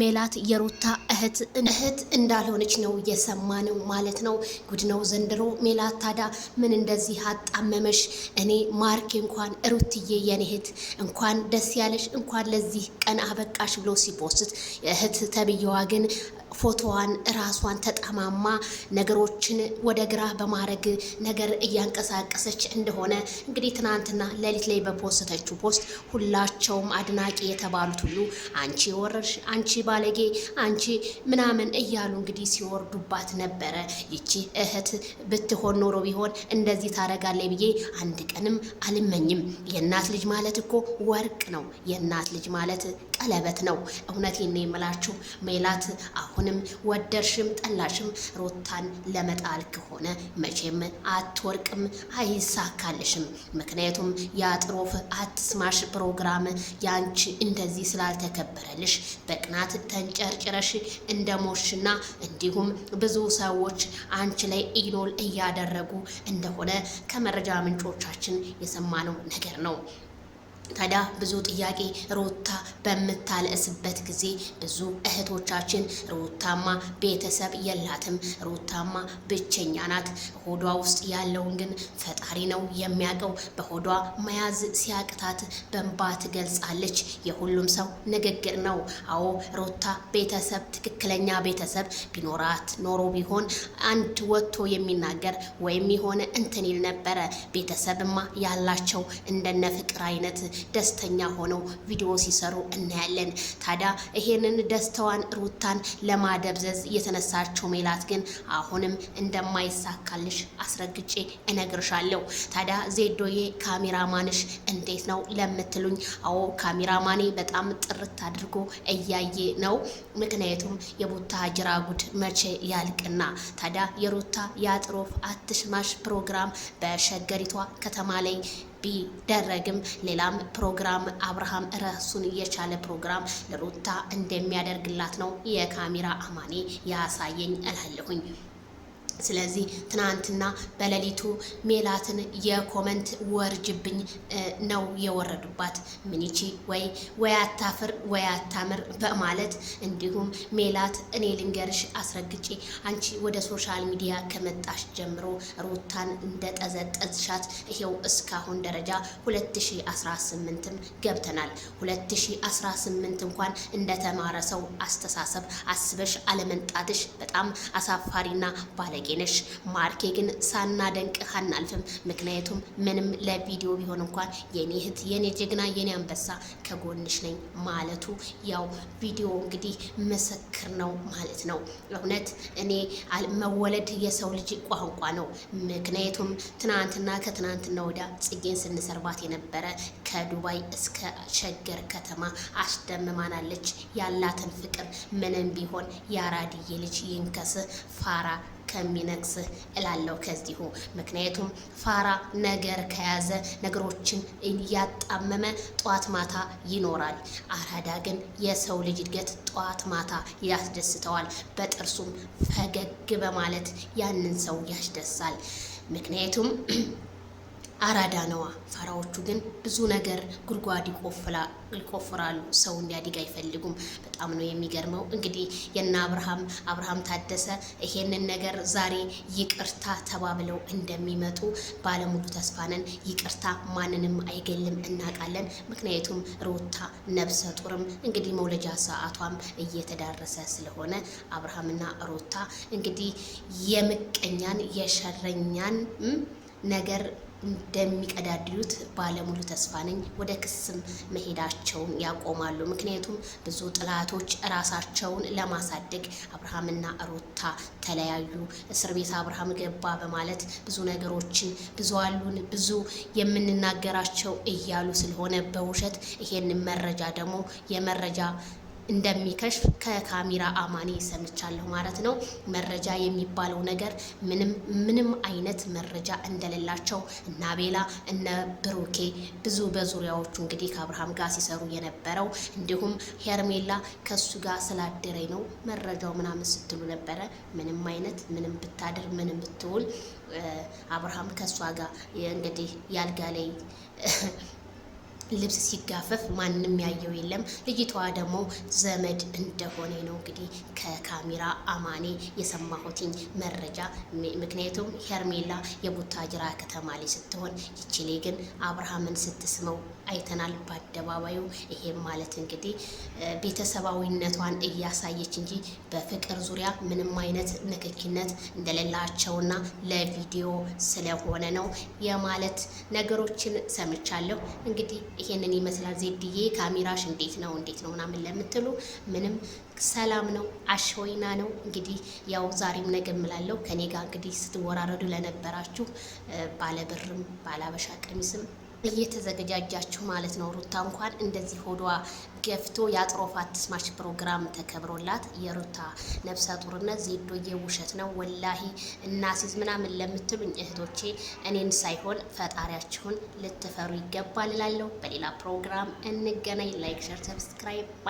ሜላት የሩታ እህት እህት እንዳልሆነች ነው እየሰማ ነው ማለት ነው። ጉድ ነው ዘንድሮ። ሜላት ታዲያ ምን እንደዚህ አጣመመሽ? እኔ ማርክ እንኳን ሩትዬ የኔ እህት እንኳን ደስ ያለሽ እንኳን ለዚህ ቀን አበቃሽ ብሎ ሲፖስት እህት ተብዬዋ ግን ፎቶዋን ራሷን ተጠማማ ነገሮችን ወደ ግራ በማድረግ ነገር እያንቀሳቀሰች እንደሆነ እንግዲህ ትናንትና ሌሊት ላይ በፖስተችው ፖስት ሁላቸውም አድናቂ የተባሉት ሁሉ አንቺ ወረርሽ፣ አንቺ ባለጌ፣ አንቺ ምናምን እያሉ እንግዲህ ሲወርዱባት ነበረ። ይቺ እህት ብትሆን ኖሮ ቢሆን እንደዚህ ታረጋለች ብዬ አንድ ቀንም አልመኝም። የእናት ልጅ ማለት እኮ ወርቅ ነው። የእናት ልጅ ማለት ቀለበት ነው። እውነቴን ነው የምላችሁ ሜላት፣ አሁንም ወደርሽም ጠላሽም ሩታን ለመጣል ከሆነ መቼም አትወርቅም፣ አይሳካልሽም። ምክንያቱም የአጥሮፍ አትስማሽ ፕሮግራም ያንቺ እንደዚህ ስላልተከበረልሽ በቅናት ተንጨርጭረሽ እንደ ሞሽና እንዲሁም ብዙ ሰዎች አንቺ ላይ ኢኖል እያደረጉ እንደሆነ ከመረጃ ምንጮቻችን የሰማነው ነገር ነው። ታዲያ ብዙ ጥያቄ ሩታ በምታለእስበት ጊዜ ብዙ እህቶቻችን ሩታማ ቤተሰብ የላትም፣ ሩታማ ብቸኛ ናት፣ ሆዷ ውስጥ ያለውን ግን ፈጣሪ ነው የሚያውቀው፣ በሆዷ መያዝ ሲያቅታት በንባ ትገልጻለች። የሁሉም ሰው ንግግር ነው። አዎ ሩታ ቤተሰብ፣ ትክክለኛ ቤተሰብ ቢኖራት ኖሮ ቢሆን አንድ ወጥቶ የሚናገር ወይም የሆነ እንትን ይል ነበረ። ቤተሰብማ ያላቸው እንደነ ፍቅር አይነት ደስተኛ ሆነው ቪዲዮ ሲሰሩ እናያለን። ታዲያ ይሄንን ደስታዋን ሩታን ለማደብዘዝ የተነሳችው ሜላት ግን አሁንም እንደማይሳካልሽ አስረግጬ እነግርሻለሁ። ታዲያ ዜዶዬ ካሜራማንሽ እንዴት ነው ለምትሉኝ፣ አዎ ካሜራማኔ በጣም ጥርት አድርጎ እያየ ነው። ምክንያቱም የቡታ ጅራጉድ መቼ ያልቅና። ታዲያ የሩታ የአጥሮፍ አትሽማሽ ፕሮግራም በሸገሪቷ ከተማ ላይ ቢደረግም ሌላም ፕሮግራም አብርሃም ራሱን የቻለ ፕሮግራም ለሩታ እንደሚያደርግላት ነው የካሜራ አማኔ ያሳየኝ እላለሁኝ። ስለዚህ ትናንትና በሌሊቱ ሜላትን የኮመንት ወርጅብኝ ነው የወረዱባት። ምንቺ ወይ ወይ አታፍር ወይ አታምር በማለት እንዲሁም ሜላት እኔ ልንገርሽ አስረግጬ አንቺ ወደ ሶሻል ሚዲያ ከመጣሽ ጀምሮ ሩታን እንደ ጠዘጠዝሻት ይሄው እስካሁን ደረጃ 2018ም ገብተናል። 2018 እንኳን እንደተማረ ሰው አስተሳሰብ አስበሽ አለመንጣትሽ በጣም አሳፋሪና ባለጌ ነሽ። ማርኬ ግን ሳናደንቅህ አናልፍም። ምክንያቱም ምንም ለቪዲዮ ቢሆን እንኳን የኔ እህት፣ የኔ ጀግና፣ የኔ አንበሳ ከጎንሽ ነኝ ማለቱ ያው ቪዲዮ እንግዲህ ምስክር ነው ማለት ነው። እውነት እኔ መወለድ የሰው ልጅ ቋንቋ ነው። ምክንያቱም ትናንትና ከትናንትና ወዲያ ጽጌን ስንሰርባት የነበረ ከዱባይ እስከ ሸገር ከተማ አስደምማናለች። ያላትን ፍቅር ምንም ቢሆን የአራድዬ ልጅ ይንከስ ፋራ ከሚነቅስህ እላለሁ ከዚሁ። ምክንያቱም ፋራ ነገር ከያዘ ነገሮችን እያጣመመ ጠዋት ማታ ይኖራል። አራዳ ግን የሰው ልጅ እድገት ጠዋት ማታ ያስደስተዋል። በጥርሱም ፈገግ በማለት ያንን ሰው ያስደሳል። ምክንያቱም አራዳ ነዋ። ፋራዎቹ ግን ብዙ ነገር ጉድጓድ ይቆፍራሉ፣ ሰው እንዲያድግ አይፈልጉም። በጣም ነው የሚገርመው። እንግዲህ የነ አብርሃም አብርሃም ታደሰ ይሄንን ነገር ዛሬ ይቅርታ ተባብለው እንደሚመጡ ባለሙሉ ተስፋነን። ይቅርታ ማንንም አይገልም እናውቃለን። ምክንያቱም ሩታ ነብሰ ጡርም እንግዲህ መውለጃ ሰዓቷም እየተዳረሰ ስለሆነ አብርሃምና ሩታ እንግዲህ የምቀኛን የሸረኛን ነገር እንደሚቀዳድሉት ባለሙሉ ተስፋ ነኝ። ወደ ክስም መሄዳቸውን ያቆማሉ። ምክንያቱም ብዙ ጥላቶች ራሳቸውን ለማሳደግ አብርሃምና ሩታ ተለያዩ፣ እስር ቤት አብርሃም ገባ በማለት ብዙ ነገሮችን ብዙ አሉን ብዙ የምንናገራቸው እያሉ ስለሆነ በውሸት ይሄንን መረጃ ደግሞ የመረጃ እንደሚከሽፍ ከካሜራ አማኔ ሰምቻለሁ ማለት ነው። መረጃ የሚባለው ነገር ምንም ምንም አይነት መረጃ እንደሌላቸው እነ አቤላ እነ ብሩኬ ብዙ በዙሪያዎቹ እንግዲህ ከአብርሃም ጋር ሲሰሩ የነበረው እንዲሁም ሄርሜላ ከሱ ጋር ስላደረኝ ነው መረጃው ምናምን ስትሉ ነበረ። ምንም አይነት ምንም ብታድር ምንም ብትውል አብርሃም ከእሷ ጋር እንግዲህ ያልጋ ላይ ልብስ ሲጋፈፍ ማንም ያየው የለም። ልጅቷ ደግሞ ዘመድ እንደሆነ ነው እንግዲህ ከካሜራ አማኔ የሰማሁትኝ መረጃ። ምክንያቱም ሄርሜላ የቡታጅራ ከተማ ላይ ስትሆን ይችሌ ግን አብርሃምን ስትስመው አይተናል በአደባባዩ። ይሄም ማለት እንግዲህ ቤተሰባዊነቷን እያሳየች እንጂ በፍቅር ዙሪያ ምንም አይነት ንክኪነት እንደሌላቸውና ለቪዲዮ ስለሆነ ነው የማለት ነገሮችን ሰምቻለሁ። እንግዲህ ይሄንን ይመስላል ዜድዬ። ካሜራሽ እንዴት ነው እንዴት ነው ምናምን ለምትሉ ምንም ሰላም ነው፣ አሸወይና ነው። እንግዲህ ያው ዛሬም ነገ ምላለው ከኔ ጋር እንግዲህ ስትወራረዱ ለነበራችሁ ባለብርም ባለአበሻ ቀሚስም እየተዘገጃጃችሁ ማለት ነው። ሩታ እንኳን እንደዚህ ሆዷ ገፍቶ የአጥሮፋ አትስማች ፕሮግራም ተከብሮላት የሩታ ነፍሰ ጡርነት ዜዶዬ ውሸት ነው ወላሂ እናሲዝ ምናምን ለምትሉኝ እህቶቼ እኔን ሳይሆን ፈጣሪያችሁን ልትፈሩ ይገባል እላለሁ። በሌላ ፕሮግራም እንገናኝ። ላይክ፣ ሸር፣ ሰብስክራይብ ባይ